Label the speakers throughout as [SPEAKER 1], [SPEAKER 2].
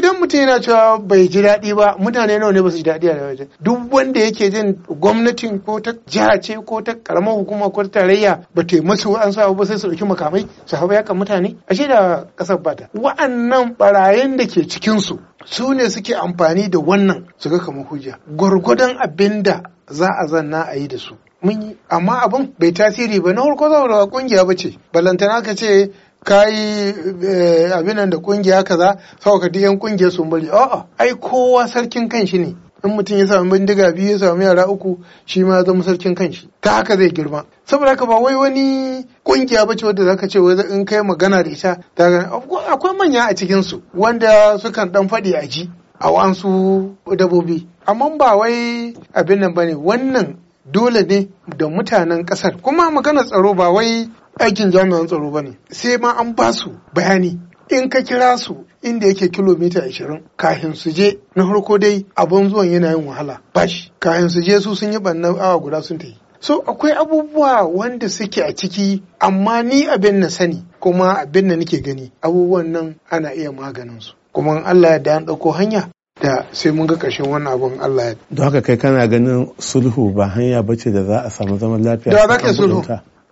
[SPEAKER 1] idan mutum yana cewa bai ji daɗi ba mutane nawa ne ba su ji daɗi a wajen duk wanda yake jin gwamnatin ko ta jiha ce ko ta karamar hukuma ko ta tarayya ba ta masu an sa ba sai su ɗauki makamai su haɓa yakan mutane ashe da ƙasar bata wa'annan barayin da ke cikinsu su ne suke amfani da wannan su ga kamar hujja gwargwadon abin da za a zanna a yi da su mun yi amma abin bai tasiri ba na farko saboda kungiya ba ce balantana ka ce ka yi eh, abinan da kungiya kaza sau ka yan kungiyar sun bari a'a ai kowa sarkin shi ne in mutum ya samu bindiga biyu ya samu yara uku shi ma ya zama sarkin kanshi ta haka zai girma saboda haka ba wai wani kungiya bace wadda zaka ce wai in kai magana da ita akwai manya a cikin su wanda sukan dan faɗi a ji a wasu dabobi amma ba wai abin nan bane wannan dole ne da mutanen kasar kuma magana tsaro ba wai aikin jami'an tsaro ba ne sai ma an ba su bayani in ka kira su inda yake kilomita 20 kafin su je na harko dai abin zuwan yana yin wahala bashi kafin su je su sun yi bannan awa guda sun ta yi. so akwai abubuwa wanda suke a ciki amma ni abin na sani kuma abin na nake gani abubuwan nan ana iya maganinsu su kuma Allah ya da an ɗauko hanya da sai mun ga ƙarshen wannan abun Allah ya don haka kai kana ganin sulhu ba hanya bace da za a samu zaman lafiya da za ka sulhu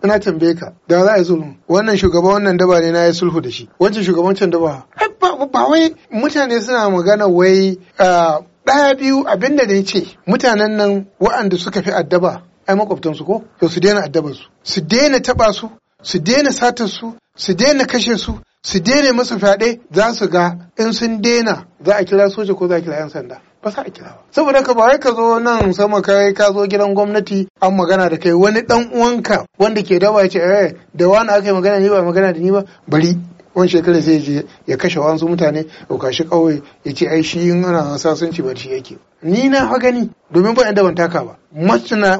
[SPEAKER 1] ina tambaye ka da za a yi sulhu wannan shugaban wannan daba ne na yi sulhu da shi wancan shugaban can daba ba wai mutane suna magana wai ɗaya biyu abinda da ya ce mutanen nan waɗanda suka fi addaba ai su ko to su daina addabar su su daina taba su su daina satar su su daina kashe su su daina masu fyaɗe za su ga in sun daina za a kira soja ko za a kira 'yan sanda ba za a kira ba saboda ka ba ka zo nan sama kai ka zo gidan gwamnati an magana da kai wani dan uwanka wanda ke daba ce eh da wani aka yi magana ni ba magana da ni ba bari wani shekara sai je ya kashe wasu mutane ya kashi kawai ya ce ai shi in ana sasanci ba shi yake ni na fa gani domin ba inda ban taka ba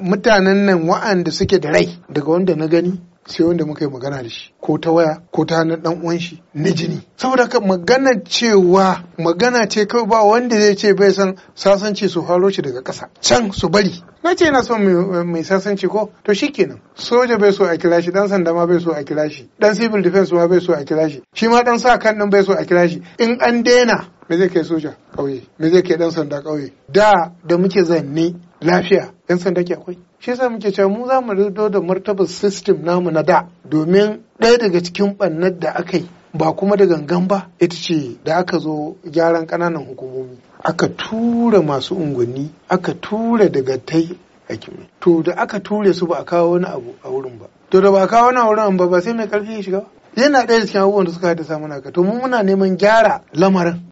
[SPEAKER 1] mutanen nan wa'anda suke da rai daga wanda na gani sai wanda muka yi magana da shi ko ta waya ko ta hannun dan uwan shi na jini saboda haka magana cewa magana ce kawai ba wanda zai ce bai san sasanci su faro shi daga ƙasa can su bari na ce yana son mai sasanci ko to shikenan soja bai so a kira shi dan sanda ma bai so a kira shi dan civil defense ma bai so a kira shi shi ma dan sa kan nan bai so a kira shi in an daina me zai kai soja kauye me zai kai dan sanda ƙauye da da muke zanne lafiya yan sanda ke akwai shi yasa muke cewa mu za mu rido da martabar system namu na da domin ɗaya daga cikin ɓannar da aka yi ba kuma da gangan ba ita ce da aka zo gyaran ƙananan hukumomi aka tura masu unguwanni aka tura daga tai kimi to da aka ture su ba a kawo wani abu a wurin ba to da ba a kawo wani wurin ba ba sai mai karfi ya shiga yana ɗaya cikin abubuwan da suka haddasa mana ka to mu muna neman gyara lamarin